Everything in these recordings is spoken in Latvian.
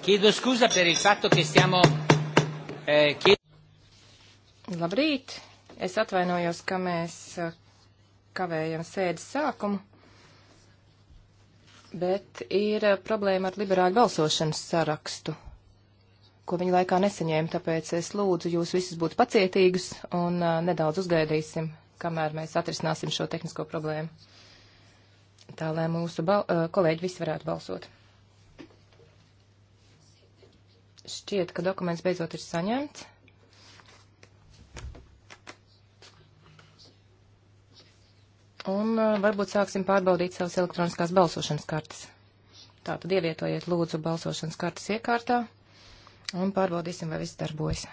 Chiedo scusa per il fatto che stiamo. Eh, chied... Labrīt! Es atvainojos, ka mēs eh, kavējam sēdes sākumu, bet ir eh, problēma ar liberāļu balsošanas sarakstu, ko viņi laikā nesaņēma, tāpēc es lūdzu jūs visus būt pacietīgus un uh, nedaudz uzgaidīsim, kamēr mēs atrisināsim šo tehnisko problēmu. Tā lai mūsu bal, uh, kolēģi visi varētu balsot. Šķiet, ka dokuments beidzot ir saņemts. Un uh, varbūt sāksim pārbaudīt savas elektroniskās balsošanas kartes. Tātad ievietojiet lūdzu balsošanas kartes iekārtā un pārbaudīsim, vai viss darbojas.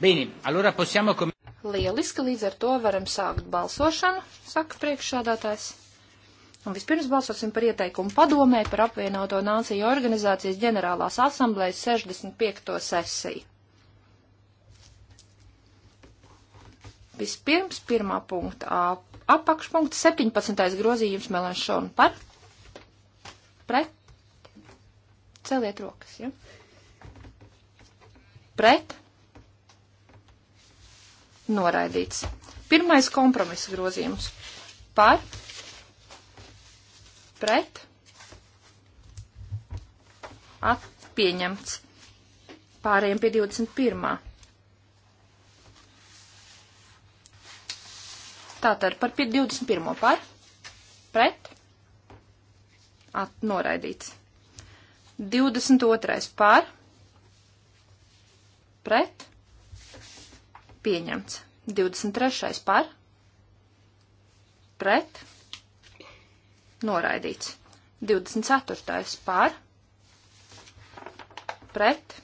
Bene, allora possiamo com... Lieliski, līdz ar to varam sākt balsošanu, saka priekšsādātājs. Un vispirms balsosim par ieteikumu padomē par apvienoto nāciju organizācijas ģenerālās asamblējas 65. sesiju. Vispirms pirmā punkta apakšpunkta 17. grozījums Melanšona par pret. Celiet rokas, ja? Pret. Noraidīts. Pirmais kompromisa grozījums. Par. Pret. At, pieņemts. Pārējiem pie 21. Tātad par 21. par. Pret. At, noraidīts. 22. par. Pret pieņemts. 23. par, pret, noraidīts. 24. par, pret,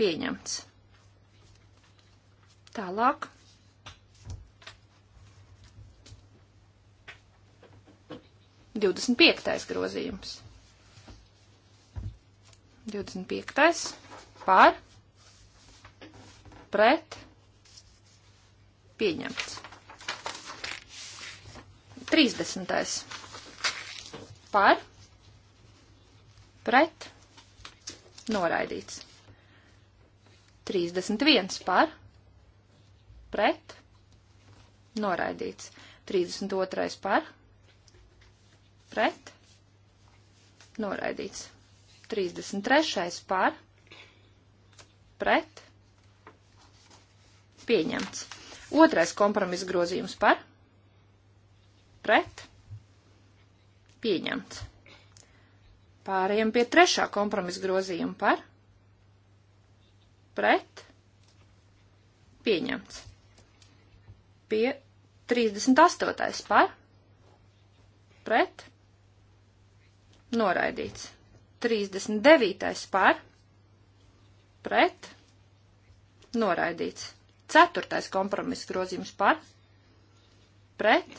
pieņemts. Tālāk. Divdesmit piektais grozījums. Divdesmit piektais par pret pieņemts. 30. par pret noraidīts. 31 par pret noraidīts. 32 par pret noraidīts. 33 par pret pieņemts. Otrais kompromis grozījums par, pret, pieņemts. Pārējiem pie trešā kompromis grozījuma par, pret, pieņemts. Pie 38. par, pret, noraidīts. 39. par, pret, noraidīts. Ceturtais kompromiss grozījums par, pret,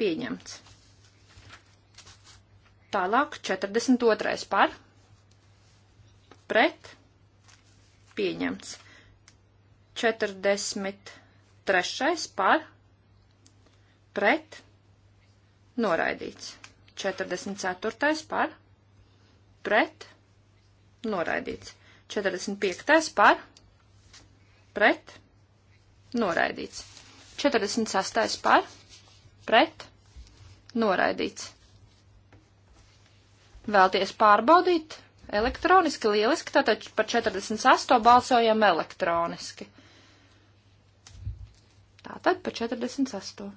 pieņemts. Tālāk 42. par, pret, pieņemts. 43. par, pret, noraidīts. 44. par, pret, noraidīts. 45. par, pret, noraidīts. 46. par, pret, noraidīts. Vēlties pārbaudīt elektroniski, lieliski, tātad par 48. balsojam elektroniski. Tātad par 48.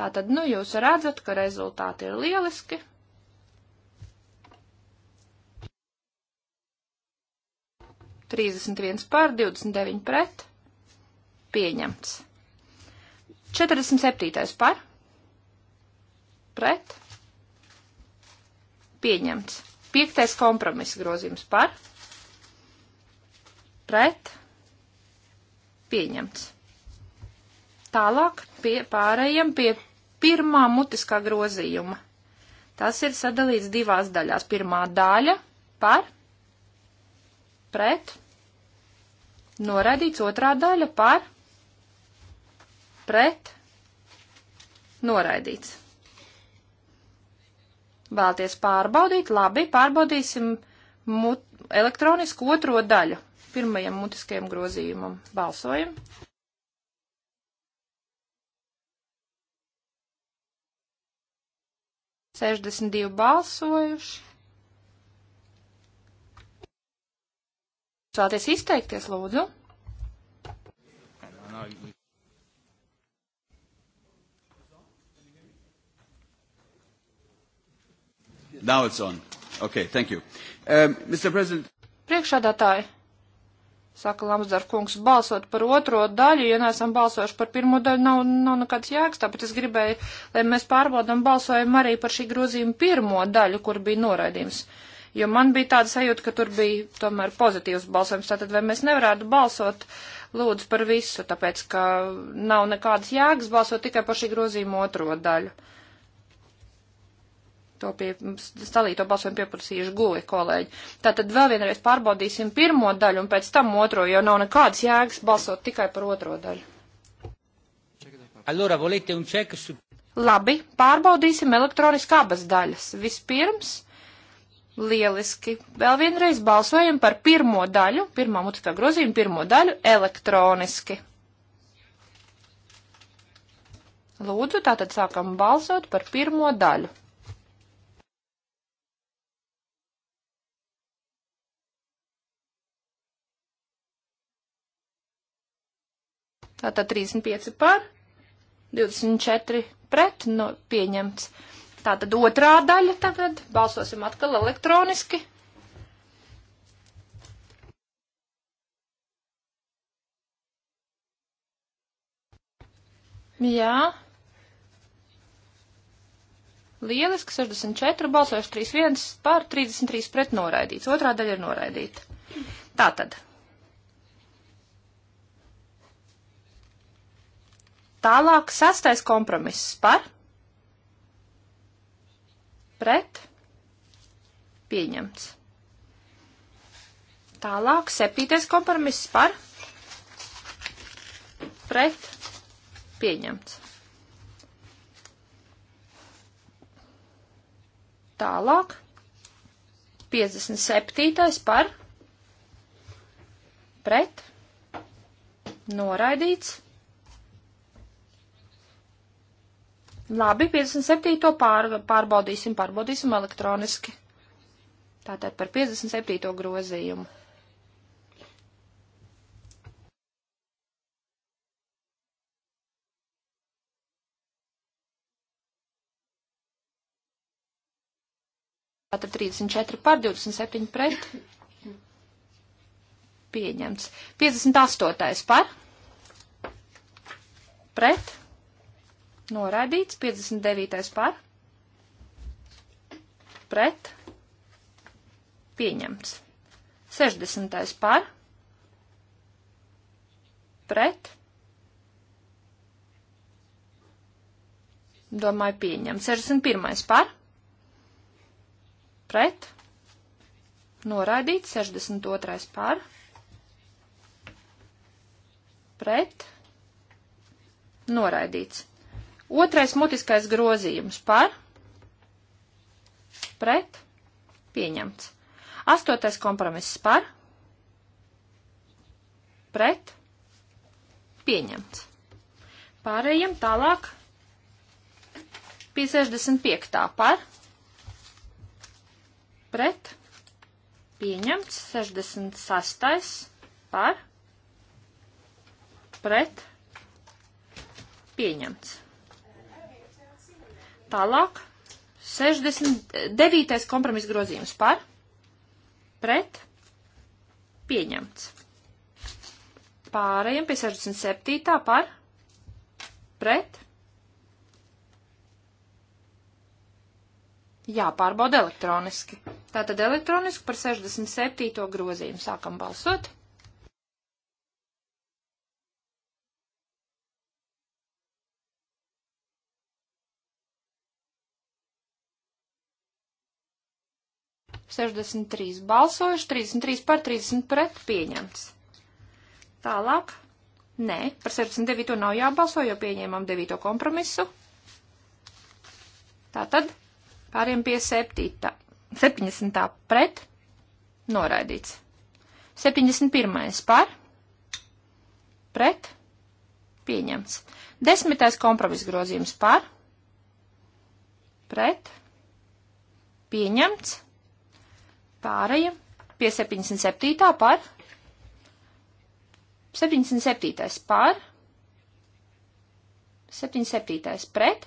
Tātad, nu, jūs redzat, ka rezultāti ir lieliski, 31 pār 29 pret. Pieņemts. 47. par. Pret. Pieņemts. 5. kompromisa grozījums par. Pret. Pieņemts. Tālāk pie, pārējiem pie pirmā mutiskā grozījuma. Tas ir sadalīts divās daļās. Pirmā daļa par pret Noraidīts otrā daļa par pret noraidīts. Vēlties pārbaudīt, labi, pārbaudīsim mut, elektronisku otro daļu pirmajam mutiskajam grozījumam. Balsojam! Sešdesmit divi balsojuši. Vēlaties izteikties, lūdzu? Now it's on. Okay, thank you. Um, Mr. President. Priekšādātāji, saka Lamsdar kungs, balsot par otro daļu, ja neesam balsojuši par pirmo daļu, nav, nav nekāds jēgas, tāpēc es gribēju, lai mēs pārbaudam balsojumu arī par šī grozījuma pirmo daļu, kur bija noraidījums. Uh, jo man bija tāda sajūta, ka tur bija tomēr pozitīvs balsojums. Tātad vai mēs nevarētu balsot lūdzu par visu, tāpēc ka nav nekādas jēgas balsot tikai par šī grozījuma otro daļu. To pie, stalīto balsojumu pieprasījuši guvi kolēģi. Tātad vēl vienreiz pārbaudīsim pirmo daļu un pēc tam otro, jo nav nekādas jēgas balsot tikai par otro daļu. Allora, volete un check su... Labi, pārbaudīsim elektroniski abas daļas. Vispirms Lieliski. Vēl vienreiz balsojam par pirmo daļu, pirmā mutiskā grozījuma pirmo daļu elektroniski. Lūdzu, tātad sākam balsot par pirmo daļu. Tātad 35 par, 24 pret, no pieņemts. Tātad otrā daļa tagad. Balsosim atkal elektroniski. Jā. Lieliski, 64 balsojuši 3-1 pār 33 pret noraidīts. Otrā daļa ir noraidīta. Tātad. Tālāk sastais kompromiss par pret, pieņemts. Tālāk, septītais kompromiss par, pret, pieņemts. Tālāk, 57. par, pret, noraidīts. Labi, 57. Pār, pārbaudīsim, pārbaudīsim elektroniski. Tātad par 57. grozījumu. Tātad 34 par 27 pret. Pieņemts. 58. par. Pret. Noraidīts 59. par. Pret. Pieņemts. 60. par. Pret. Domāju, pieņemts. 61. par. Pret. Noraidīts 62. par. Pret. Noraidīts. Otrais mutiskais grozījums par, pret, pieņemts. Astotais kompromiss par, pret, pieņemts. Pārējiem tālāk pie 65. par, pret, pieņemts. 66. par, pret, pieņemts. Tālāk, 69. kompromis grozījums par, pret, pieņemts. Pārējiem pie 67. par, pret, jāpārbauda elektroniski. Tātad elektroniski par 67. grozījumu sākam balsot. 63 balsojuši, 33 par, 30 pret pieņemts. Tālāk. Nē, par 69 nav jābalso, jo pieņēmām 9 kompromisu. Tātad pāriem pie 7. 70. pret noraidīts. 71. par pret pieņemts. 10. kompromiss grozījums par pret pieņemts. Pārējiem pie 77. par. 77. par. 77. pret.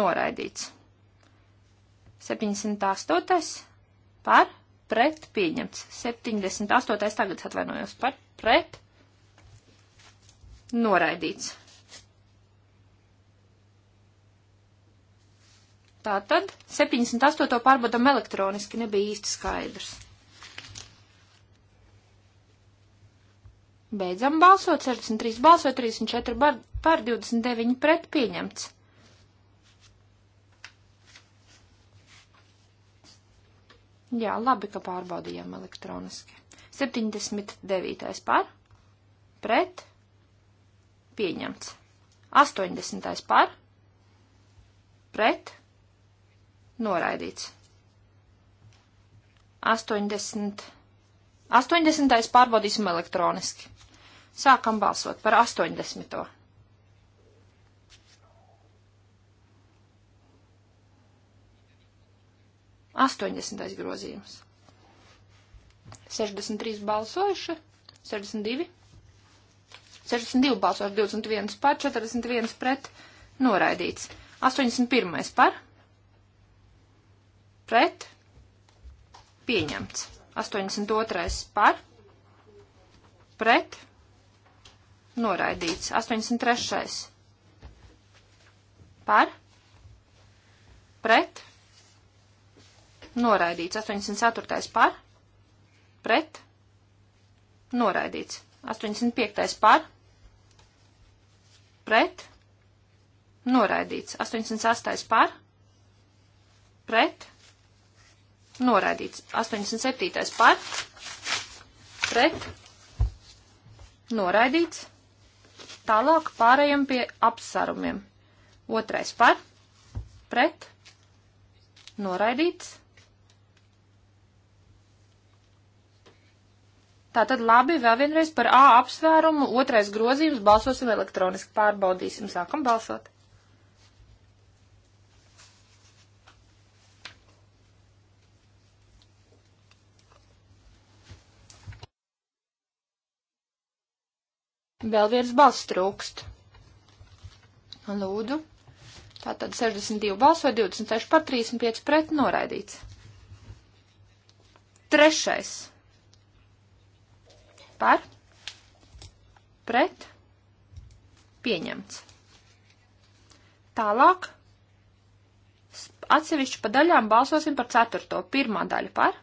Noraidīts. 78. par. Pret pieņemts. 78. tagad atvainojos par. Pret. Noraidīts. Tātad 78. pārbaudam elektroniski nebija īsti skaidrs. Beidzam balsot, 63 balsoja, 34 bar, par 29 pret pieņemts. Jā, labi, ka pārbaudījām elektroniski. 79. par, pret, pieņemts. 80. par, pret, pieņemts. Noraidīts. 80. 80. pārbaudīsim elektroniski. Sākam balsot par 80. Astoņdesmitais grozījums. 63 balsojuši, 62. 62 balsojuši, 21 par, 41 pret, noraidīts. 81 par, pret, pieņemts. 82. par, pret, noraidīts. 83. par, pret, noraidīts. 84. par, pret, noraidīts. 85. par, pret, noraidīts. 88. par, pret, noraidīts. Noraidīts. 87. par. Pret. Noraidīts. Tālāk pārējam pie apsarumiem. Otrais par. Pret. Noraidīts. Tātad labi, vēl vienreiz par A apsvērumu. Otrais grozījums balsosim elektroniski. Pārbaudīsim. Sākam balsot. Vēl viens balss trūkst. Lūdzu. Tātad 62 balss vai 26 par 35 pret noraidīts. Trešais. Par. Pret. Pieņemts. Tālāk. Atsevišķi pa daļām balsosim par ceturto. Pirmā daļa par.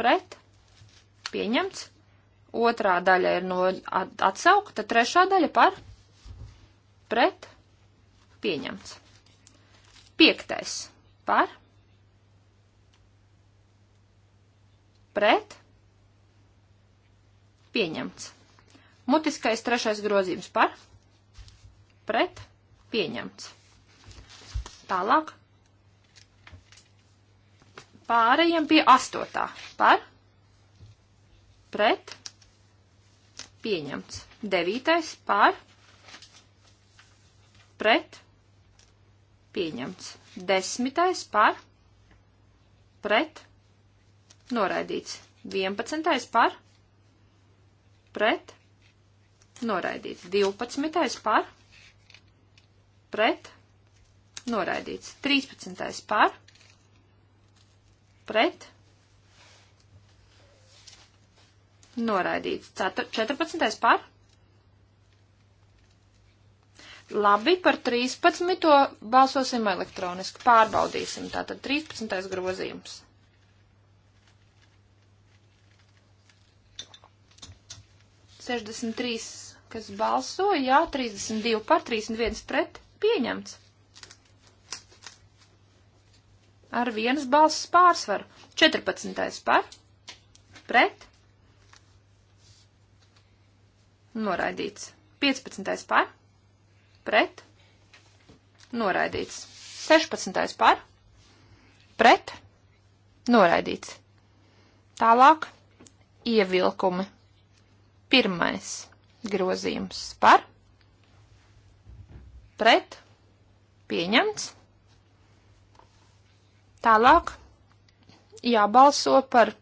Pret. Pieņemts. Otrā daļa ir no atsaukta, trešā daļa par pret pieņemts. Piektais par pret pieņemts. Mutiskais trešais grozījums par pret pieņemts. Tālāk pārējiem pie astotā par pret pieņemts pieņemts. Devītais par, pret, pieņemts. Desmitais par, pret, noraidīts. Vienpadsmitais par, pret, noraidīts. Divpadsmitais par, pret, noraidīts. Trīspadsmitais par, pret, noraidīts Noraidīts. 14. par? Labi, par 13. balsosim elektroniski. Pārbaudīsim. Tātad 13. grozījums. Sešdesmit trīs, kas balso, jā, trīsdesmit divi par, trīsdesmit viens pret, pieņemts. Ar vienas balsas pārsvaru. Četrpadsmitais par, pret, Noraidīts. 15. par. Pret. Noraidīts. 16. par. Pret. Noraidīts. Tālāk. Ievilkumi. Pirmais grozījums par. Pret. Pieņemts. Tālāk jābalso par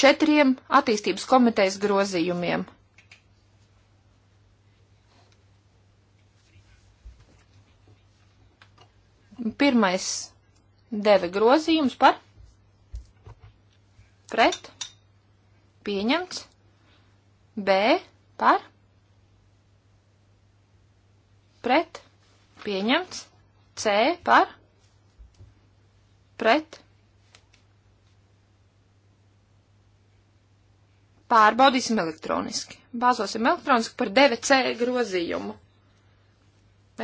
četriem attīstības komitejas grozījumiem. Pirmais deve grozījums par pret pieņemts B par pret pieņemts C par pret pieņemts Pārbaudīsim elektroniski. Bāzosim elektroniski par 9C grozījumu.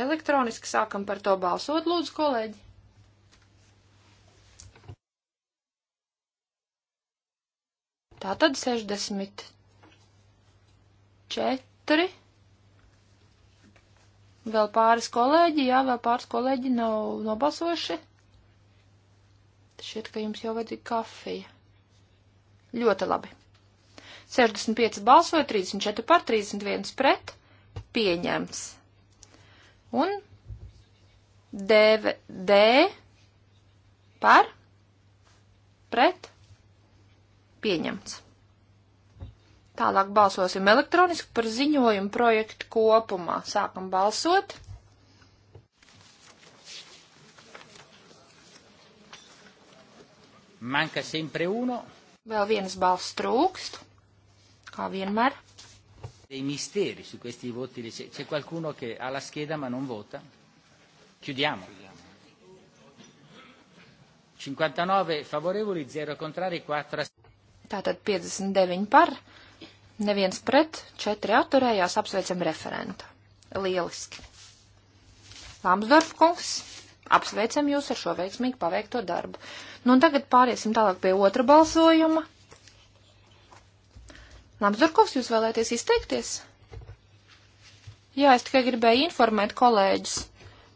Elektroniski sākam par to balsot, lūdzu, kolēģi. Tātad 64. Vēl pāris kolēģi, jā, vēl pāris kolēģi nav nobalsojuši. Šķiet, ka jums jau vajadzīga kafija. Ļoti labi. 65 balsoja, 34 par, 31 pret, pieņemts. Un DV, D par, pret, pieņemts. Tālāk balsosim elektroniski par ziņojumu projektu kopumā. Sākam balsot. Manka sempre uno. Vēl vienas balss trūkst kā vienmēr. Dei misteri su questi voti, c'è qualcuno che ha la scheda ma non vota? Chiudiamo. 59 favorevoli, 0 contrari, 4 Tātad 59 par, neviens pret, 4 atturējās, apsveicam referentu. Lieliski. Lamsdorf kungs, apsveicam jūs ar šo veiksmīgi paveikto darbu. Nu un tagad pāriesim tālāk pie otra balsojuma. Lamsdorkovs, jūs vēlēties izteikties? Jā, es tikai gribēju informēt kolēģis.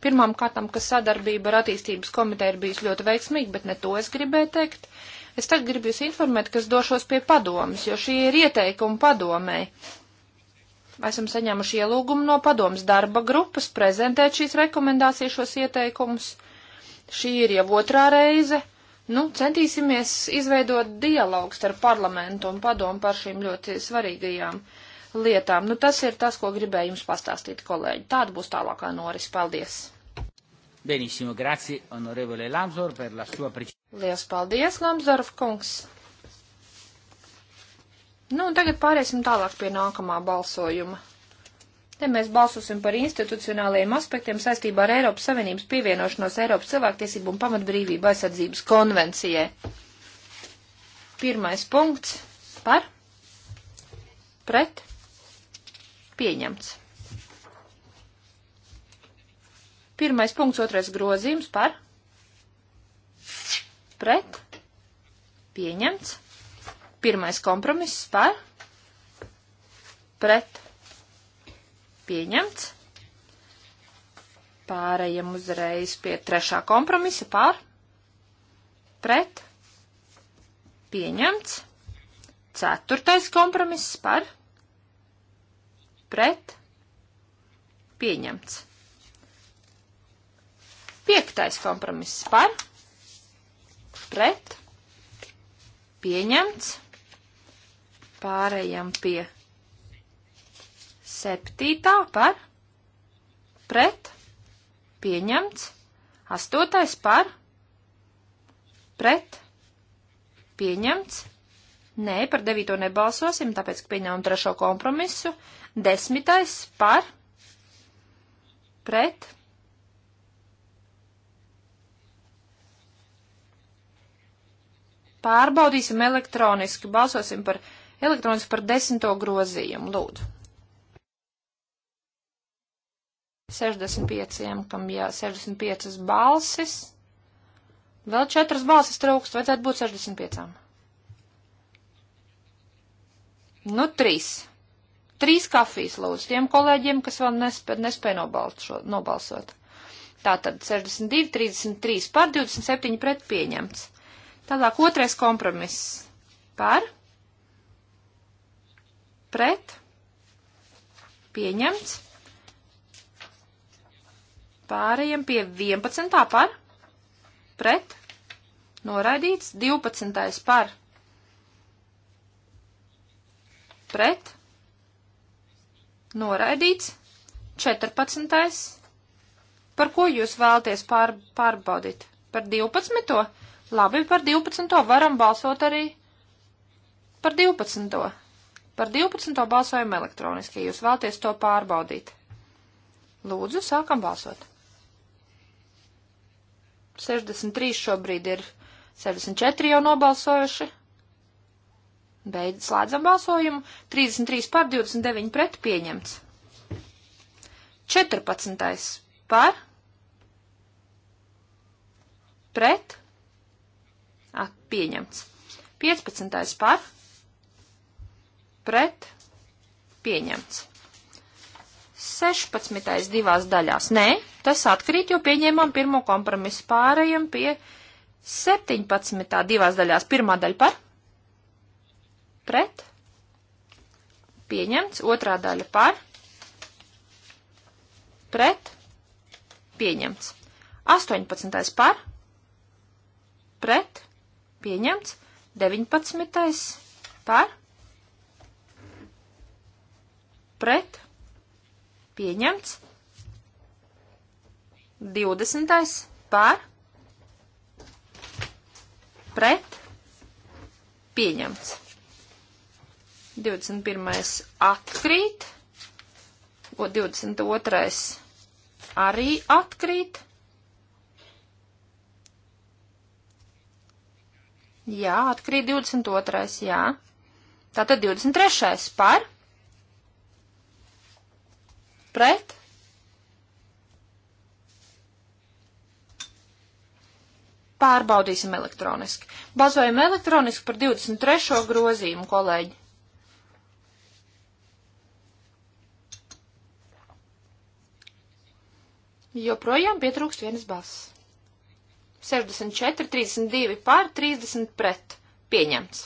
Pirmām kārtām, ka sadarbība ar attīstības komiteju ir bijusi ļoti veiksmīga, bet ne to es gribēju teikt. Es tagad gribu jūs informēt, ka es došos pie padomas, jo šie ir ieteikumi padomēji. Esam saņēmuši ielūgumu no padomas darba grupas prezentēt šīs rekomendācijas, šos ieteikumus. Šī ir jau otrā reize nu, centīsimies izveidot dialogu starp parlamentu un padomu par šīm ļoti svarīgajām lietām. Nu, tas ir tas, ko gribēju jums pastāstīt, kolēģi. Tāda būs tālākā noris. Paldies! Benissimo, grazie, onorevole Lamsor, per la sua precisione. Lielas paldies, Lamsdorf kungs! Nu, un tagad pāriesim tālāk pie nākamā balsojuma. Te mēs balsosim par institucionālajiem aspektiem saistībā ar Eiropas Savienības pievienošanos Eiropas cilvēktiesību un pamatbrīvību aizsardzības konvencijai. Pirmais punkts par, pret, pieņemts. Pirmais punkts, otrais grozījums par, pret, pieņemts. Pirmais kompromiss par, pret, pieņemts. Pārējiem uzreiz pie trešā kompromisa pār, pret, pieņemts. Ceturtais kompromiss par, pret, pieņemts. Piektais kompromiss par, pret, pieņemts. Pārējām pie Septītā par pret pieņemts. Astotais par pret pieņemts. Nē, par devīto nebalsosim, tāpēc, ka pieņēmām trešo kompromisu. Desmitais par pret pieņemts. Pārbaudīsim elektroniski, balsosim par elektroniski par desmito grozījumu, lūdzu. 65, kam jā, 65 balsis. Vēl četras balsis trūkst, vajadzētu būt 65. Nu, trīs. Trīs kafijas lūdzu tiem kolēģiem, kas vēl nespēja nespēj nobalso, nobalsot. Tātad 62, 33 par, 27 pret pieņemts. Tālāk otrais kompromiss. Par? Pret? Pieņemts. Pārējiem pie 11. par, pret, noraidīts, 12. par, pret, noraidīts, 14. Par ko jūs vēlaties pār, pārbaudīt? Par 12. Labi, par 12. varam balsot arī par 12. Par 12. balsojam elektroniski, ja jūs vēlaties to pārbaudīt. Lūdzu, sākam balsot. 63 šobrīd ir 64 jau nobalsojuši. Beidz slēdzam balsojumu. 33 par 29 pret pieņemts. 14. par pret at, pieņemts. 15. par pret pieņemts. 16. divās daļās. Nē, tas atkrīt, jo pieņēmām pirmo kompromisu. Pārējiem pie 17. divās daļās. Pirmā daļa par? Pret? Pieņemts. Otrā daļa par? Pret? Pieņemts. 18. par? Pret? Pieņemts. 19. par? Pret? Pieņemts. 20. par. Pret. Pieņemts. 21. atkrīt. 22. arī atkrīt. Jā, atkrīt 22. jā. Tātad 23. par Pret? Pārbaudīsim elektroniski. Bazojam elektroniski par 23. grozījumu, kolēģi. Joprojām pietrūkst vienas balss. 64, 32 pār, 30 pret. Pieņemts.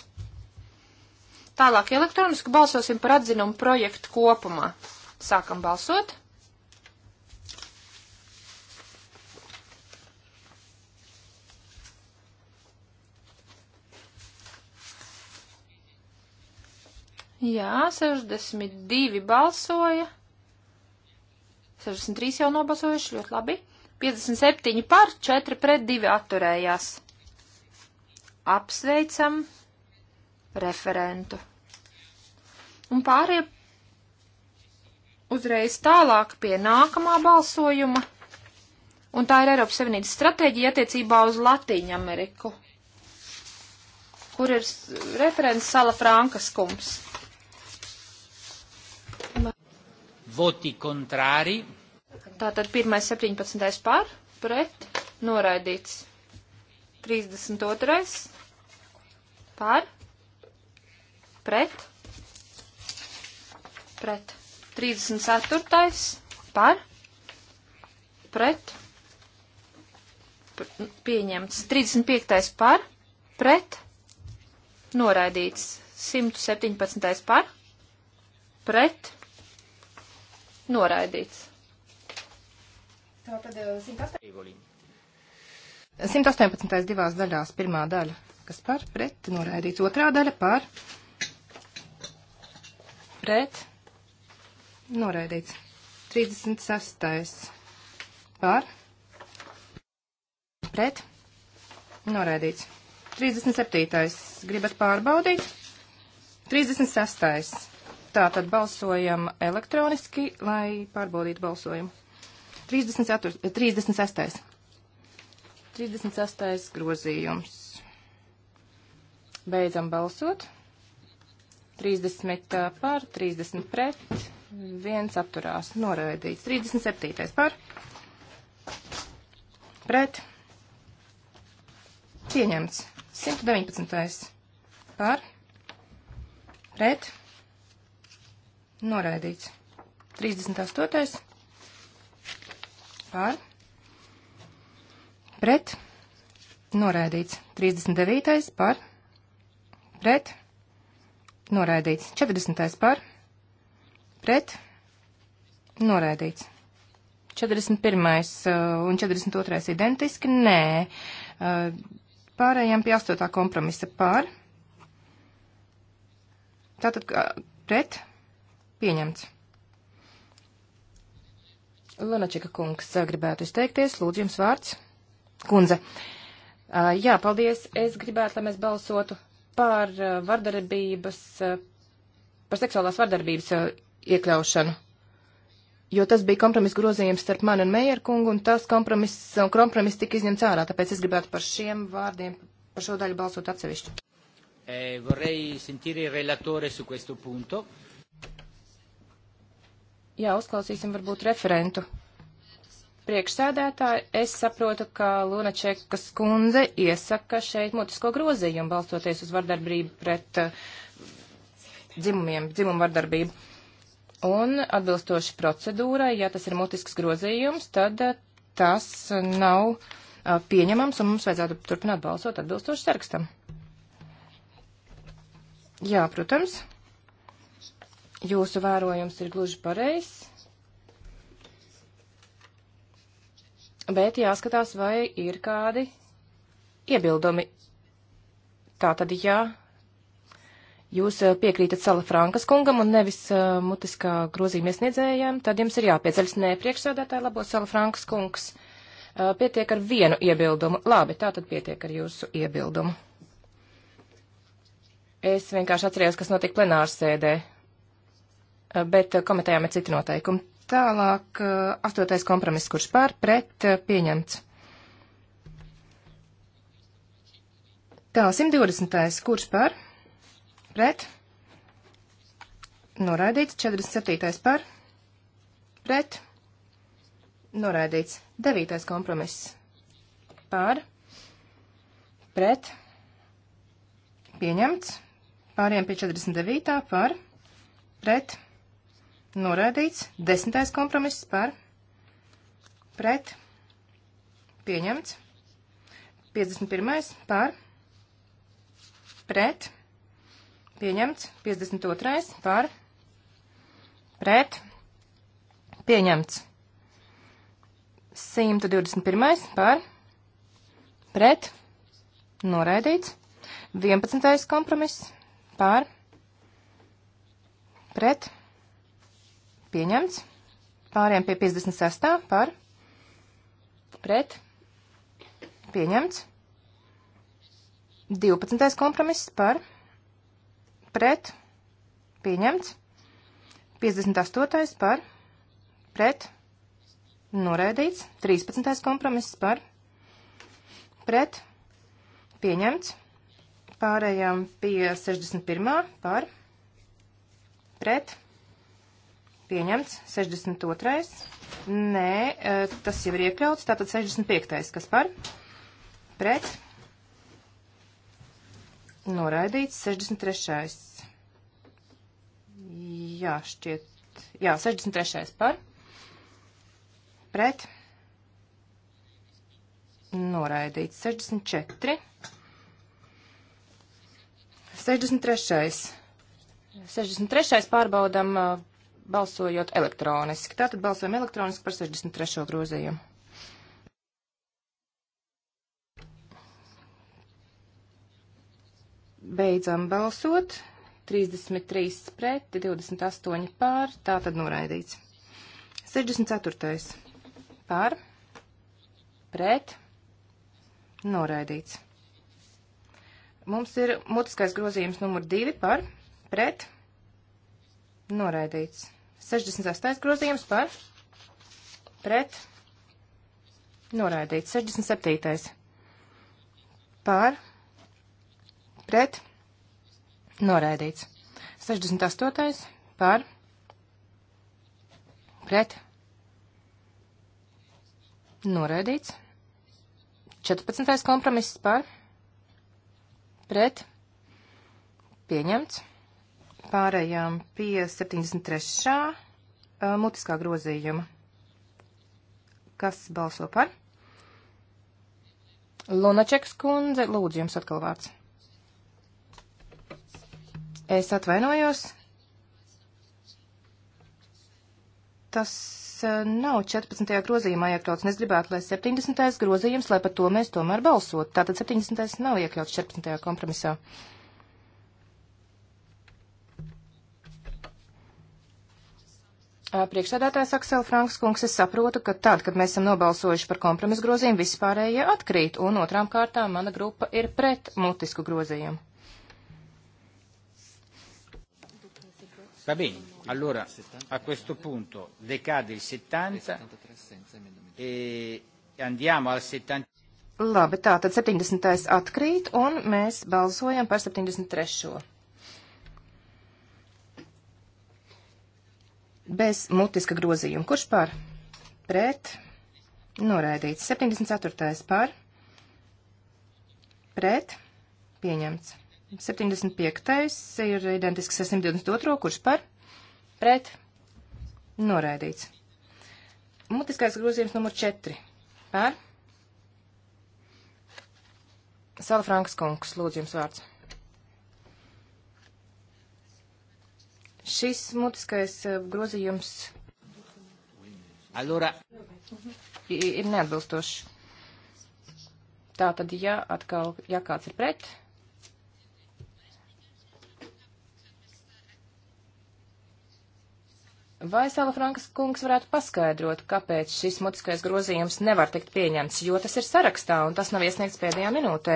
Tālāk elektroniski balsosim par atzinumu projektu kopumā. Sākam balsot. Jā, 62 balsoja. 63 jau nobalsojuši, ļoti labi. 57 par, 4 pret, 2 atturējās. Apsveicam referentu. Un pārējie uzreiz tālāk pie nākamā balsojuma, un tā ir Eiropas Savienības stratēģija attiecībā uz Latīņu Ameriku, kur ir referents Sala Frankas kungs. Voti kontrāri. Tātad 1. 17. par, pret, noraidīts. 32. par, pret, pret. 34. par, pret, pieņemts. 35. par, pret, noraidīts. 117. par, pret, noraidīts. Tātad 118. Eh, 118. divās daļās, pirmā daļa, kas par, pret, noraidīts. Otrā daļa par, pret, Noraidīts. 36. Par. Pret. Noraidīts. 37. Gribat pārbaudīt? 36. Tā tad balsojam elektroniski, lai pārbaudītu balsojumu. 34, 36. 36. grozījums. Beidzam balsot. 30 pār, 30 pret viens apturās, noraidīts. 37. par, pret, pieņemts. 119. par, pret, noraidīts. 38. par, pret, noraidīts. 39. par, pret, noraidīts. 40. par, pret Pret? Noraidīts. 41. Uh, un 42. identiski? Nē. Uh, pārējām pie 8. kompromisa par. Tātad pret? Pieņemts. Lunačika kungs uh, gribētu izteikties. Lūdzu, jums vārds. Kundze. Jā, paldies. Es gribētu, lai mēs balsotu par vardarbības, par seksuālās vardarbības iekļaušanu. Jo tas bija kompromiss grozījums starp mani un Meijer kungu, un tas kompromiss, kompromiss tika izņemts ārā, tāpēc es gribētu par šiem vārdiem, par šo daļu balsot atsevišķi. Eh, vorrei sentire il relatore su questo punto. Jā, uzklausīsim varbūt referentu. Priekšsēdētāji, es saprotu, ka Lunačeka skundze iesaka šeit mutisko grozījumu balstoties uz vardarbību pret uh, dzimumiem, dzimumu vardarbību. Un atbilstoši procedūrai, ja tas ir mutisks grozījums, tad eh, tas nav eh, pieņemams un mums vajadzētu turpināt balsot atbilstoši sarakstam. Jā, protams. Jūsu vērojums ir gluži pareizs. Bet jāskatās, vai ir kādi iebildumi. Tā tad, ja jūs eh, piekrītat Sala Frankas kungam un nevis uh, mutiskā grozījuma iesniedzējiem, tad jums ir jāpieceļas nē priekšsēdētāji labo Sala Frankas kungs. Uh, pietiek ar vienu iebildumu. Labi, tā tad pietiek ar jūsu iebildumu. Es vienkārši atcerējos, kas notika plenārsēdē, uh, bet komitējām ir citi noteikumi. Tālāk, astotais kompromiss, kurš pār pret pieņemts. Tā, 120. kurš pār? pret, noraidīts, 47. par, pret, noraidīts, 9. kompromiss par, pret, pieņemts, pāriem pie 49. par, pret, noraidīts, 10. kompromiss par, pret, pieņemts, 51. par, pret, Pieņemts. 52. par. Pret. Pieņemts. 121. par. Pret. Noraidīts. 11. kompromiss par. Pret. Pieņemts. Pāriem pie 56. par. Pret. Pieņemts. 12. kompromiss par. Pret pret, pieņemts. 58. par, pret, noraidīts. 13. kompromiss par, pret, pieņemts. Pārējām pie 61. par, pret, pieņemts. 62. Nē, eh, tas jau ir iekļauts, tātad 65. kas par, pret, Noraidīts 63. Jā, šķiet. Jā, 63. par. Pret. Noraidīts 64. 63. 63. pārbaudam balsojot elektroniski. Tātad balsojam elektroniski par 63. grozījumu. Beidzam balsot. 33 pret, 28 pār, tā tad noraidīts. 64. pār, pret, noraidīts. Mums ir mutiskais grozījums numur 2 par, pret, noraidīts. 68. grozījums par, pret, noraidīts. 67. pār, pret pret noraidīts. 68. par pret noraidīts. 14. kompromiss par pret pieņemts. Pārējām pie 73. mutiskā grozījuma. Kas balso par? Lunačeks kundze, lūdzu jums atkal vārds. Es atvainojos. Tas e, nav 14. grozījumā iekļauts, un es gribētu, lai 70. grozījums, lai par to mēs tomēr balsot. Tātad 70. nav iekļauts 14. kompromisā. E, priekšsēdētājs Aksel Franks kungs, es saprotu, ka tad, kad mēs esam nobalsojuši par kompromisu grozījumu, vispārējie atkrīt, un otrām kārtām mana grupa ir pret mutisku grozījumu. Va bene, allora a questo punto decade il 70 e andiamo al 70. Labi, tā tad 70. atkrīt un mēs balsojam par 73. Bez mutiska grozījuma. Kurš par? Pret. Noraidīts. 74. par. Pret. Pieņemts. 75. ir identisks ar 122. kurš par pret noraidīts. Mutiskais grozījums numur 4 par Salafrankas kungs, lūdzu jums vārds. Šis mutiskais e, grozījums Allora. ir neatbilstošs. Tā tad, ja atkal, ja kāds ir pret, Vai Salafrankas kungs varētu paskaidrot, kāpēc šis mutiskais grozījums nevar tikt pieņemts, jo tas ir sarakstā un tas nav iesniegts pēdējā minūtē?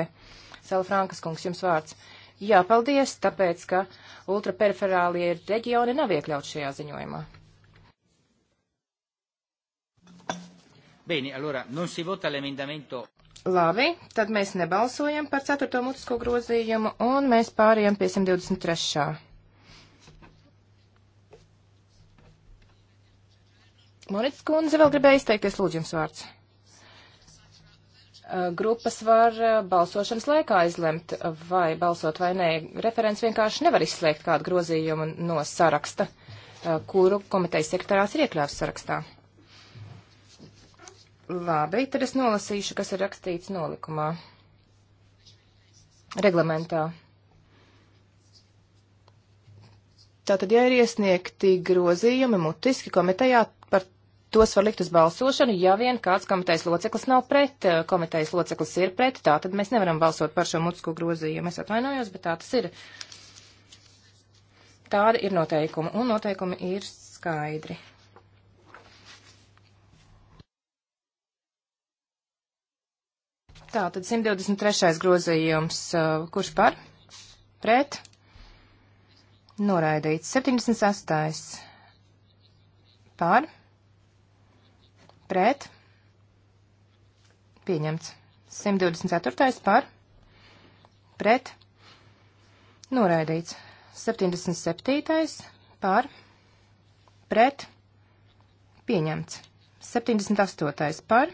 Salafrankas kungs, jums vārds. Jā, paldies, tāpēc, ka ultraperiferālie reģioni nav iekļauts šajā ziņojumā. Bene, allora, non si vota l'emendamento. Labi, tad mēs nebalsojam par 4. mutisko grozījumu un mēs pārējām pie 123. Morits kundze vēl gribēja izteikties, lūdzu jums vārds. Grupas var balsošanas laikā izlemt, vai balsot vai nē. Referents vienkārši nevar izslēgt kādu grozījumu no saraksta, kuru komitejas sekretārās ir iekļāvis sarakstā. Labi, tad es nolasīšu, kas ir rakstīts nolikumā. Reglamentā. Tātad, ja ir iesniegti grozījumi mutiski komitejā par tos var likt uz balsošanu, ja vien kāds komitejas loceklis nav pret, eh, komitejas loceklis ir pret, tā tad mēs nevaram balsot par šo mutisko grozījumu. Es atvainojos, bet tā tas ir. Tāda ir noteikuma, un noteikumi ir skaidri. Tā, tad 123. grozījums, eh, kurš par? Pret? Noraidīts. 76. Par? pret, pieņemts. 124. par, pret, noraidīts. 77. par, pret, pieņemts. 78. par,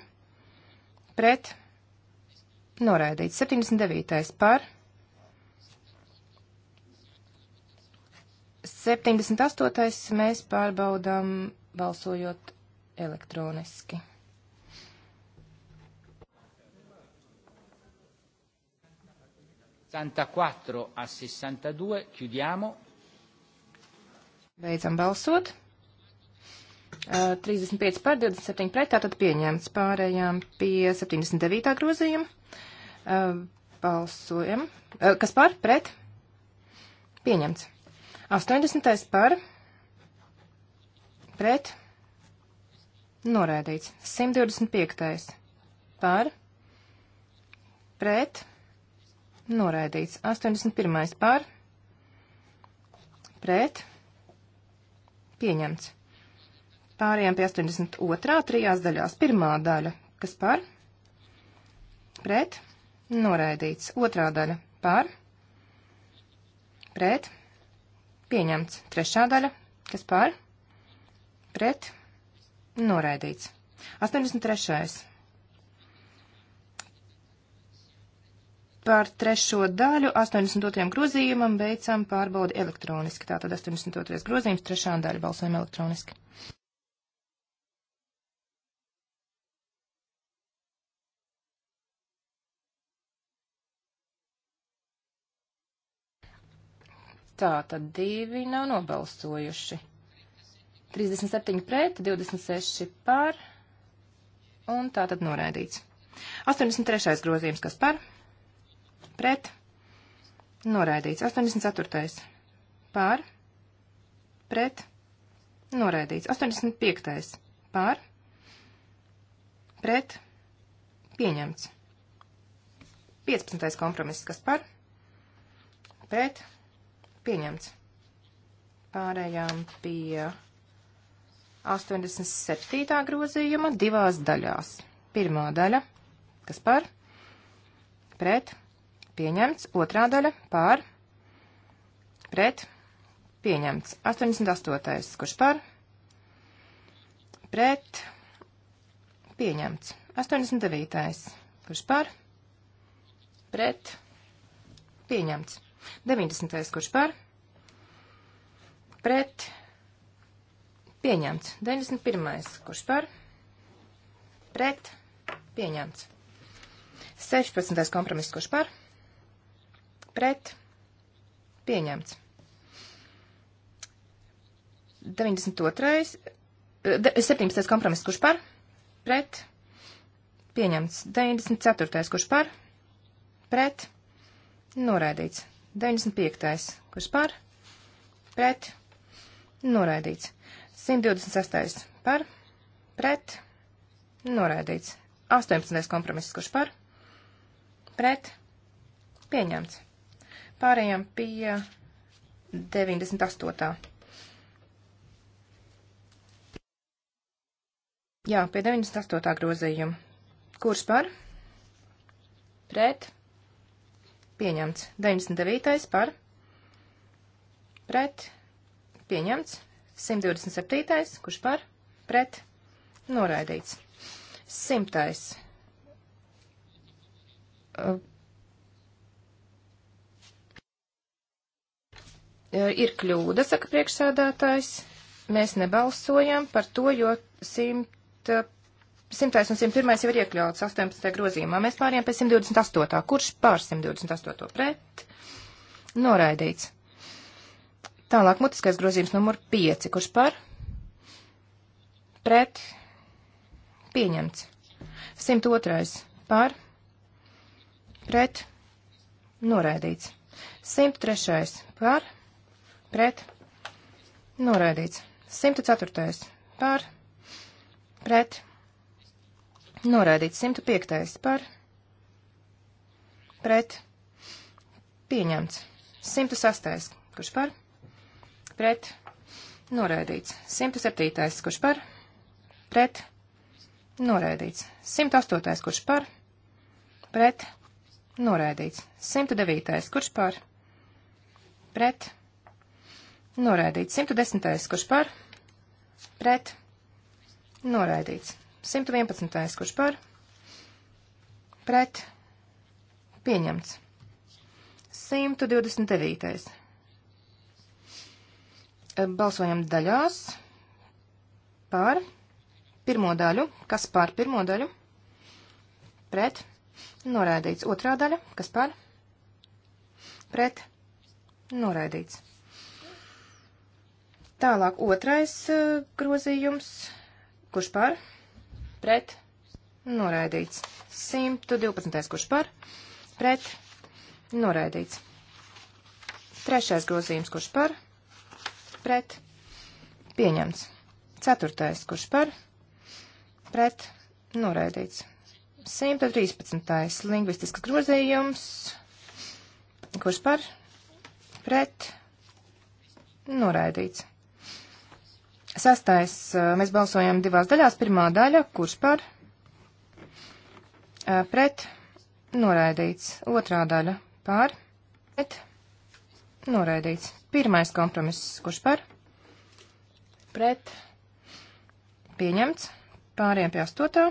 pret, noraidīts. 79. par, 78. mēs pārbaudām balsojot elektroniski. a 62, chiudiamo. Beidzam balsot. 35 pār 27 pret, tātad pieņemts. Pārējām pie 79. grozījuma. Balsojam. Kas pār? Pret? Pieņemts. 80. par. Pret. Noraidīts. 125. Par. Pret. Noraidīts. 81. Par. Pret. Pieņemts. Pārējām pie 82. trijās daļās. Pirmā daļa. Kas par? Pret. Noraidīts. Otrā daļa. Par. Pret. Pieņemts. Trešā daļa. Kas par? Pret Noraidīts. 83. Par trešo daļu 82. grozījumam veicam pārbaudi elektroniski. Tātad 82. grozījums trešā daļa balsojam elektroniski. Tā tad divi nav nobalsojuši. 37 pret, 26 par, un tā tad noraidīts. 83. grozījums, kas par, pret, noraidīts. 84. par, pret, noraidīts. 85. par, pret, pieņemts. 15. kompromiss, kas par, pret, pieņemts. Pārējām pie 87. grozījuma divās daļās. Pirmā daļa, kas par, pret, pieņemts, otrā daļa par, pret, pieņemts. 88. kurš par, pret, pieņemts. 89. kurš par, pret, pieņemts. 90. kurš par, pret, pieņemts. Pieņemts. 91. Kurš par? Pret. Pieņemts. 16. kompromiss. Kurš par? Pret. Pieņemts. 92. 17. Eh, kompromiss. Kurš par? Pret. Pieņemts. 94. Kurš par? Pret. Noraidīts. 95. Kurš par? Pret. Noraidīts. 126. par, pret, noraidīts. 18. kompromiss, kurš par, pret, pieņemts. Pārējām pie 98. Jā, pie 98. grozījuma. Kurš par? Pret. Pieņemts. 99. par. Pret. Pieņemts. 127. kurš par pret noraidīts. 100. Uh, uh, ir kļūda, saka priekšsēdētājs. Mēs nebalsojam par to, jo 100. 100. Uh, un 101. jau ir iekļauts 18. grozījumā. Mēs pārējām pie 128. Kurš pār 128. pret? Noraidīts. Tālāk mutiskais grozījums numur 5, kurš par pret pieņemts. 102. par pret noraidīts. 103. par pret noraidīts. 104. par pret noraidīts. 105. par pret pieņemts. 106. kurš par pret pret, noraidīts. 107. kurš par, pret, noraidīts. 108. kurš par, pret, noraidīts. 109. kurš par, pret, noraidīts. 110. kurš par, pret, noraidīts. 111. kurš par, pret, pieņemts. 129. Balsojam daļās par pirmo daļu, kas par pirmo daļu, pret, noraidīts. Otrā daļa, kas par, pret, noraidīts. Tālāk otrais uh, grozījums, kurš par, pret, noraidīts. 112. kurš par, pret, noraidīts. Trešais grozījums, kurš par, pret, pret, pieņemts. Ceturtais, kurš par, pret, noraidīts. 113. lingvistisks grozījums, kurš par, pret, noraidīts. Sastais, mēs balsojam divās daļās. Pirmā daļa, kurš par, pret, noraidīts. Otrā daļa, pār, pret, noraidīts. Pirmais kompromiss, kurš par? Pret. Pieņemts. Pāriem pie astotā.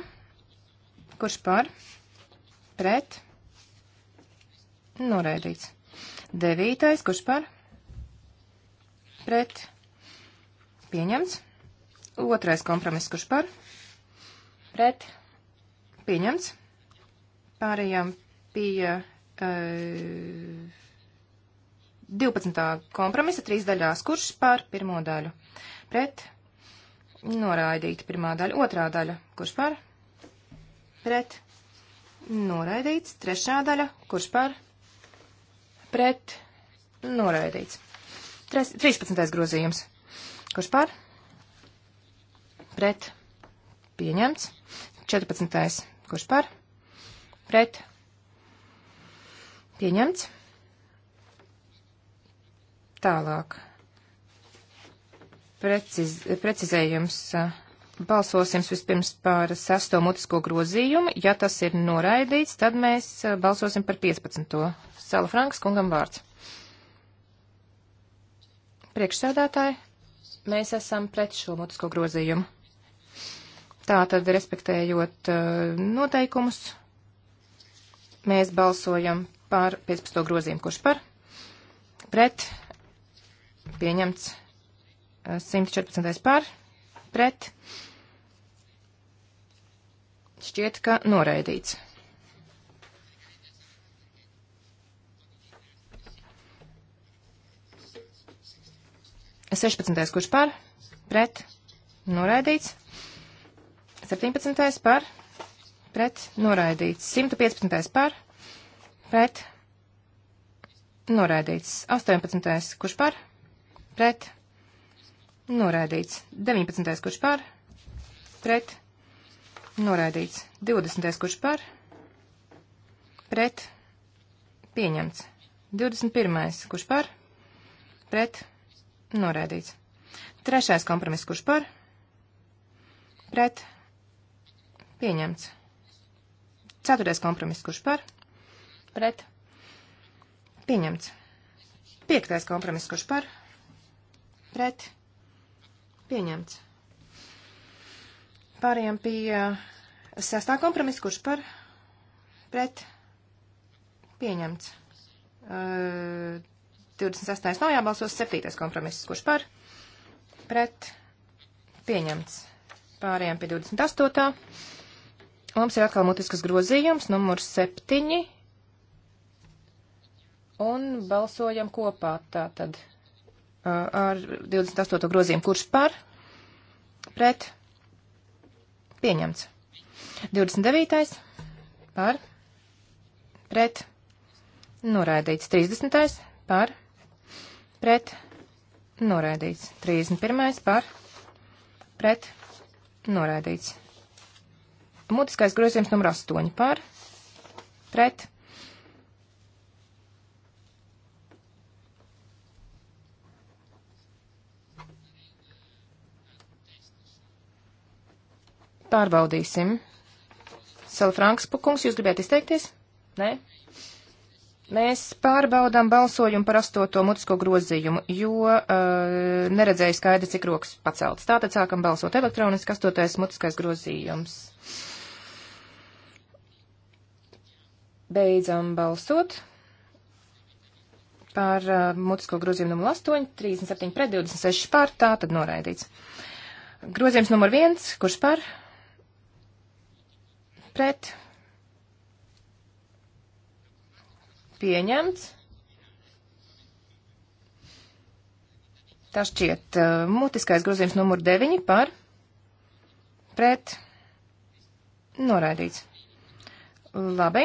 Kurš par? Pret. Noraidīts. Devītais, kurš par? Pret. Pieņemts. Otrais kompromiss, kurš par? Pret. Pieņemts. Pārējām pie uh, 12. kompromisa trīs daļās. Kurš par pirmo daļu? Pret. Noraidīta pirmā daļa. Otrā daļa. Kurš par? Pret. Noraidīts. Trešā daļa. Kurš par? Pret. Noraidīts. Tres, 13. grozījums. Kurš par? Pret. Pieņemts. 14. Kurš par? Pret. Pieņemts. Tālāk. Preciz, precizējums. Balsosim vispirms par sesto mutisko grozījumu. Ja tas ir noraidīts, tad mēs eh, balsosim par 15. Sala Franks kungam vārds. Priekšsēdētāji, mēs esam pret šo mutisko grozījumu. Tā tad, respektējot eh, noteikumus, mēs balsojam par 15. grozījumu, kurš par, pret, pieņemts 114. Eh, par, pret, šķiet, ka noraidīts. Sešpadsmitais, kurš par, pret, noraidīts. Septiņpadsmitais par, pret, noraidīts. Simtu piecpadsmitais par, pret, noraidīts. Astoņpadsmitais, kurš par, pret pret, noraidīts. 19. kurš par, pret, noraidīts. 20. kurš par, pret, pieņemts. 21. kurš par, pret, noraidīts. Trešais kompromiss, kurš par, pret, pieņemts. Ceturtais kompromiss, kurš par, pret, pieņemts. Piektais kompromiss, kurš par, pret, pret pieņemts. Pārējām pie uh, sestā kompromisa, kurš par pret pieņemts. Uh, 26. nav jābalsos, 7. kompromiss, kurš par pret pieņemts. Pārējām pie 28. Mums ir atkal mutiskas grozījums, numurs 7. Un balsojam kopā tātad. tad ar 28. grozījumu. Kurš par? Pret? Pieņemts. 29. par? Pret? Noraidīts. 30. par? Pret? Noraidīts. 31. par? Pret? Noraidīts. Mutiskais grozījums numur 8 par? Pret? Pārbaudīsim. Sala Franks kungs, jūs gribētu izteikties? Nē? Mēs pārbaudām balsojumu par astoto mutisko grozījumu, jo uh, neredzēju skaidri, cik rokas paceltas. Tātad sākam balsot elektroniski astotais mutiskais grozījums. Beidzam balsot par uh, mutisko grozījumu numur 8, 37 pret 26 pār, tātad noraidīts. Grozījums numur 1, kurš par? Uh, pret pieņemts. Tā šķiet uh, mutiskais grozījums numur 9 par pret noraidīts. Labi.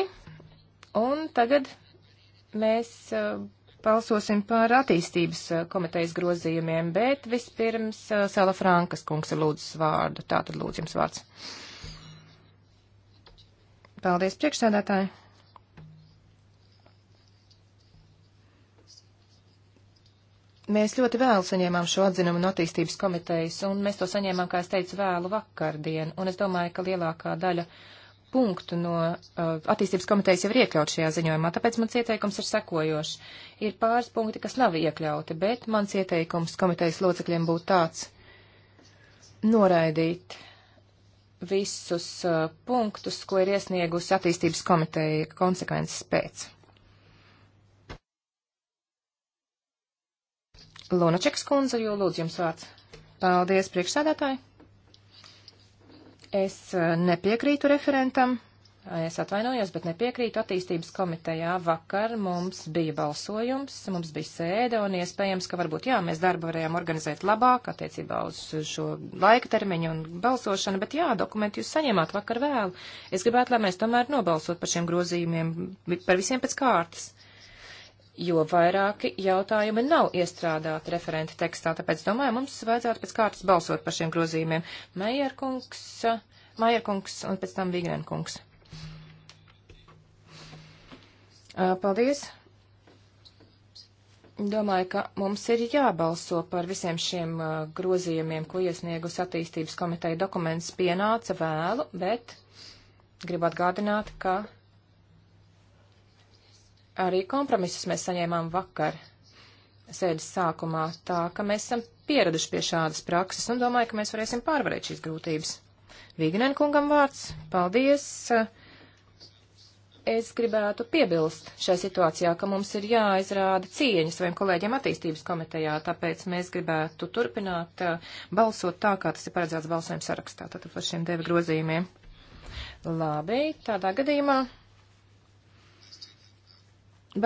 Un tagad mēs uh, balsosim par attīstības uh, komitejas grozījumiem, bet vispirms uh, Sela Frankas kungs ir lūdzis vārdu. Tātad lūdzu jums vārds. Paldies, priekšsēdētāji! Mēs ļoti vēlu saņēmām šo atzinumu no attīstības komitejas, un mēs to saņēmām, kā es teicu, vēlu vakardien, un es domāju, ka lielākā daļa punktu no uh, attīstības komitejas jau ir iekļaut šajā ziņojumā, tāpēc mans ieteikums ir sekojošs. Ir pāris punkti, kas nav iekļauti, bet mans ieteikums komitejas locekļiem būtu tāds - noraidīt visus uh, punktus, ko ir iesniegusi attīstības komiteja konsekvences pēc. Lunačeks kundze, jo lūdzu jums vārds. Paldies, priekšsēdētāji. Es uh, nepiekrītu referentam Es atvainojos, bet nepiekrītu attīstības komitejā. Vakar mums bija balsojums, mums bija sēde un iespējams, ka varbūt jā, mēs darbu varējām organizēt labāk attiecībā uz šo laika termiņu un balsošanu, bet jā, dokumentu jūs saņemāt vakar vēl. Es gribētu, lai mēs tomēr nobalsot par šiem grozījumiem, par visiem pēc kārtas jo vairāki jautājumi nav iestrādāti referenta tekstā, tāpēc domāju, mums vajadzētu pēc kārtas balsot par šiem grozījumiem. Meierkungs, Meierkungs un pēc tam Vigrēnkungs. Uh, paldies! Domāju, ka mums ir jābalso par visiem šiem uh, grozījumiem, ko iesniegus attīstības komiteja dokuments pienāca vēlu, bet gribu atgādināt, ka arī kompromisus mēs saņēmām vakar sēdes sākumā, tā ka mēs esam pieraduši pie šādas prakses un domāju, ka mēs varēsim pārvarēt šīs grūtības. Vīgnēn kungam vārds. Paldies! es gribētu piebilst šai situācijā, ka mums ir jāizrāda cieņa saviem kolēģiem attīstības komitejā, tāpēc mēs gribētu turpināt uh, balsot tā, kā tas ir paredzēts balsojuma sarakstā, tātad par šiem devu grozījumiem. Labi, tādā gadījumā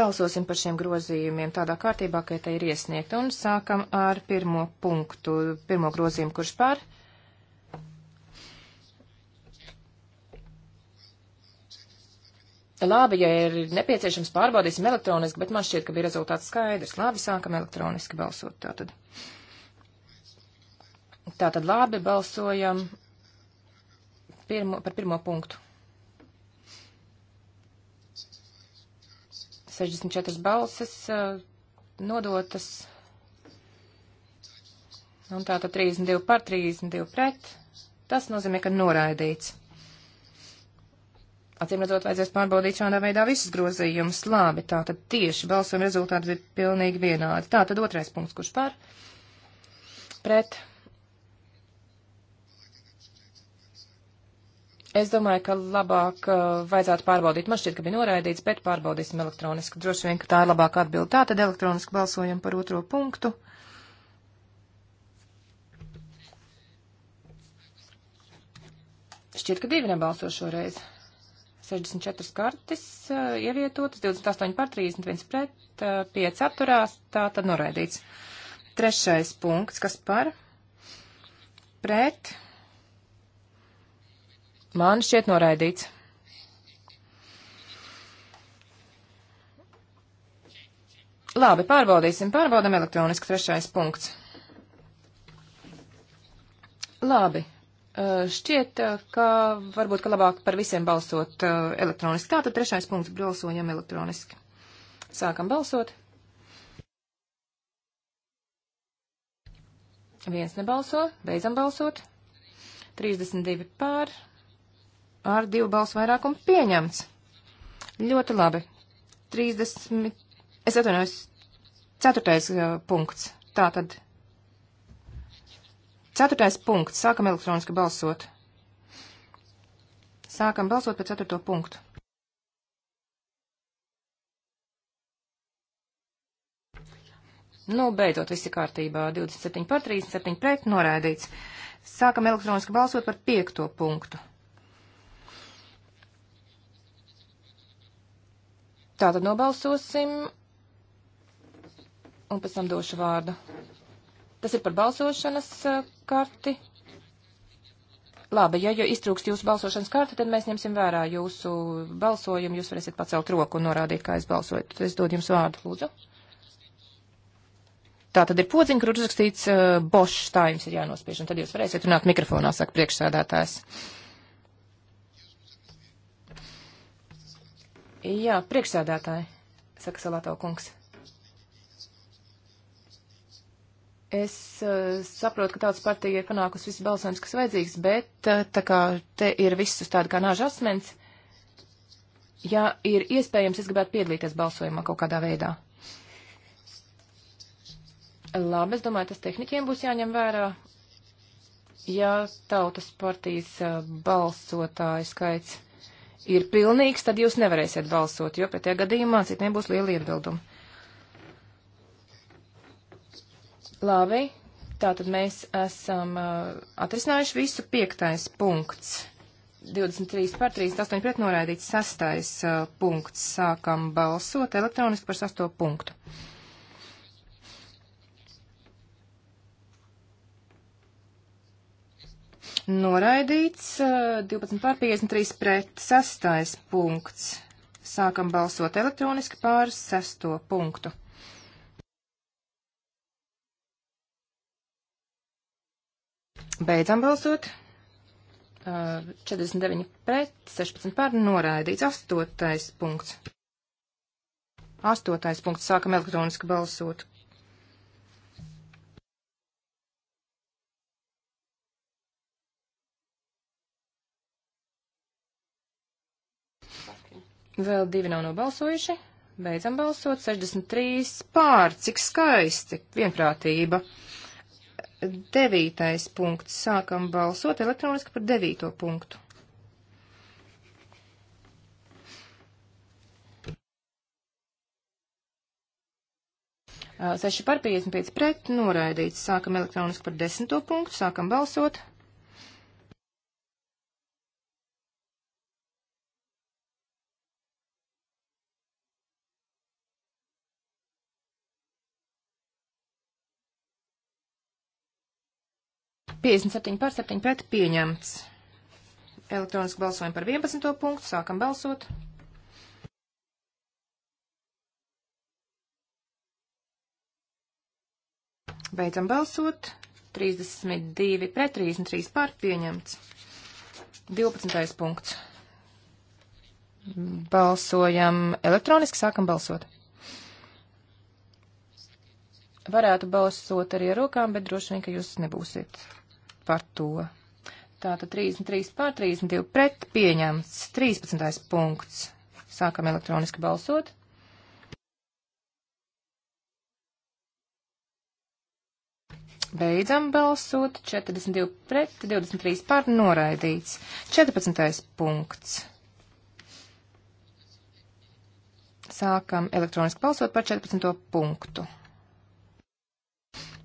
balsosim par šiem grozījumiem tādā kārtībā, ka te ir iesniegt, un sākam ar pirmo punktu, pirmo grozījumu, kurš par Labi, ja ir nepieciešams, pārbaudīsim elektroniski, bet man šķiet, ka bija rezultāts skaidrs. Labi, sākam elektroniski balsot tātad. Tātad labi, balsojam pirmo, par pirmo punktu. 64 balses eh, nodotas. Un tātad 32 par 32 pret. Tas nozīmē, ka noraidīts. Acīmredzot, vajadzēs pārbaudīt šādā veidā visus grozījumus. Labi, tā tad tieši balsojuma rezultāti bija pilnīgi vienādi. Tā tad otrais punkts, kurš par? Pret. Es domāju, ka labāk uh, vajadzētu pārbaudīt. Man šķiet, ka bija noraidīts, bet pārbaudīsim elektroniski. Droši vien, ka tā ir labāka atbilde. Tā tad elektroniski balsojam par otro punktu. Šķiet, ka divi nebalso šoreiz. 64 kartes eh, ievietotas, 28 par 31 pret, 5 eh, atturās, tā tad noraidīts. Trešais punkts, kas par pret man šķiet noraidīts. Labi, pārbaudīsim, pārbaudam elektroniski trešais punkts. Labi, Eh, šķiet, eh, ka varbūt, ka labāk par visiem balsot eh, elektroniski. Tātad trešais punkts balsojam elektroniski. Sākam balsot. Viens nebalso, beidzam balsot. 32 pār, ar divu balsu vairākumu pieņemts. Ļoti labi. 30, es atvainojos, ceturtais uh, punkts. Tātad Ceturtais punkts. Sākam elektroniski balsot. Sākam balsot par ceturto punktu. Nu, beidzot, viss ir kārtībā. 27 par 37 pret noraidīts. Sākam elektroniski balsot par piekto punktu. Tātad nobalsosim un pēc tam došu vārdu Tas ir par balsošanas eh, karti. Labi, ja jau iztrūkst jūsu balsošanas karti, tad mēs ņemsim vērā jūsu balsojumu. Jūs varēsiet pacelt roku un norādīt, kā es balsoju. Tad es dodu jums vārdu, lūdzu. Tā tad ir podziņa, kur uzrakstīts uh, Bošs, tā jums ir jānospiež, un tad jūs varēsiet runāt mikrofonā, saka priekšsēdētājs. Jā, priekšsēdētāji, saka Salāto kungs. Es uh, saprotu, ka tautas partija ir panākusi visu balsojumus, kas vajadzīgs, bet uh, tā kā te ir viss uz tādu kā nāža asmens, ja ir iespējams, es gribētu piedalīties balsojumā kaut kādā veidā. Labi, es domāju, tas tehniķiem būs jāņem vērā. Ja tautas partijas uh, balsotāju skaits ir pilnīgs, tad jūs nevarēsiet balsot, jo pēc tajā gadījumā citiem būs liela iebilduma. Labi, tātad mēs esam uh, atrisinājuši visu piektais punkts. 23 par 38 pret noraidīts sastais uh, punkts. Sākam balsot elektroniski par sasto punktu. Noraidīts uh, 12 pār 53 pret sastais punkts. Sākam balsot elektroniski pār sesto punktu. Beidzam balsot. 49 uh, pret, 16 pār noraidīts. Astotais punkts. Astotais punkts. Sākam elektroniski balsot. Vēl divi nav nobalsojuši. Beidzam balsot. 63 pār. Cik skaisti. Vienprātība. Uh, Devītais punkts. Sākam balsot elektroniski par devīto punktu. Seši par 55 pret noraidīts. Sākam elektroniski par desmito punktu. Sākam balsot. 57 pār 7 pret pieņemts. Elektroniski balsojam par 11. punktu. Sākam balsot. Beidzam balsot. 32 pret 33 pār pieņemts. 12. punkts. Balsojam elektroniski, sākam balsot. Varētu balsot arī ar rokām, bet droši vien, ka jūs nebūsiet par to. Tātad 33 pār 32 pret pieņemts. 13. punkts. Sākam elektroniski balsot. Beidzam balsot. 42 pret 23 pār noraidīts. 14. punkts. Sākam elektroniski balsot par 14. punktu.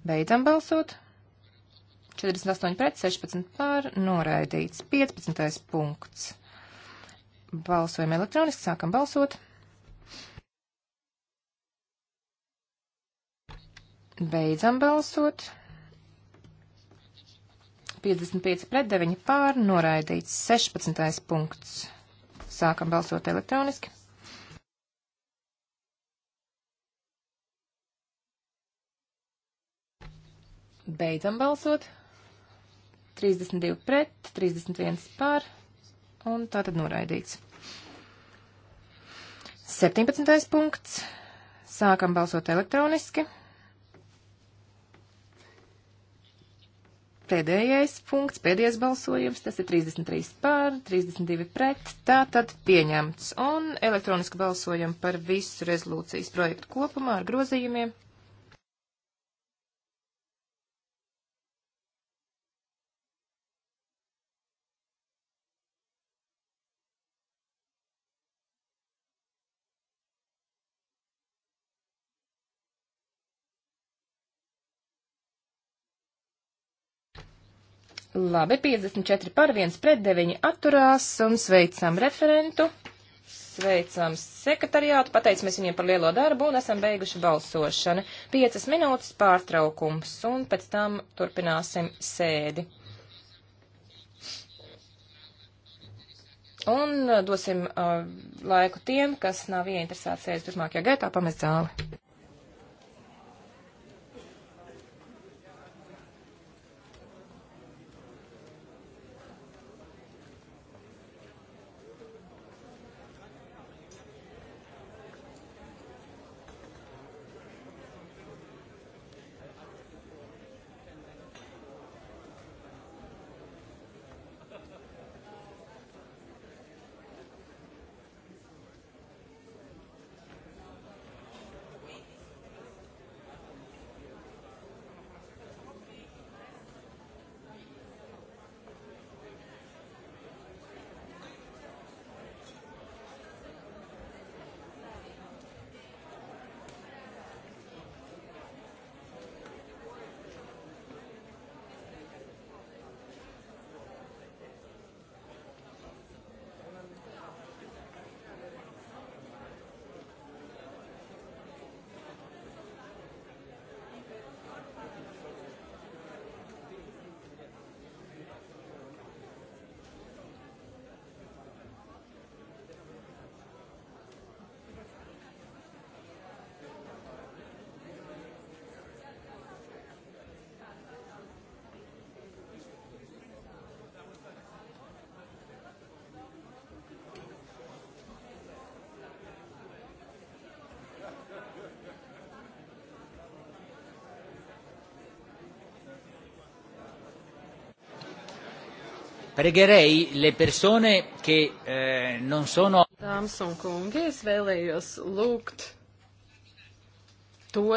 Beidzam balsot. 48 pret 16 pār noraidīts. 15. punkts. Balsojam elektroniski, sākam balsot. Beidzam balsot. 55 pret 9 pār noraidīts. 16. punkts. Sākam balsot elektroniski. Beidzam balsot. 32 pret, 31 pār, un tā tad noraidīts. 17. punkts. Sākam balsot elektroniski. Pēdējais punkts, pēdējais balsojums, tas ir 33 pār, 32 pret, tā tad pieņemts. Un elektroniski balsojam par visu rezolūcijas projektu kopumā ar grozījumiem. Labi, 54 par 1 pret 9 atturās un sveicam referentu, sveicam sekretariātu, pateicamies viņiem par lielo darbu un esam beiguši balsošanu. 5 minūtes pārtraukums un pēc tam turpināsim sēdi. Un uh, dosim uh, laiku tiem, kas nav ieinteresēti sēdēt turpmākajā gaitā, pamest zāli. Pregherei le persone che eh, non sono. Dāmas un kungi, es vēlējos lūgt tos,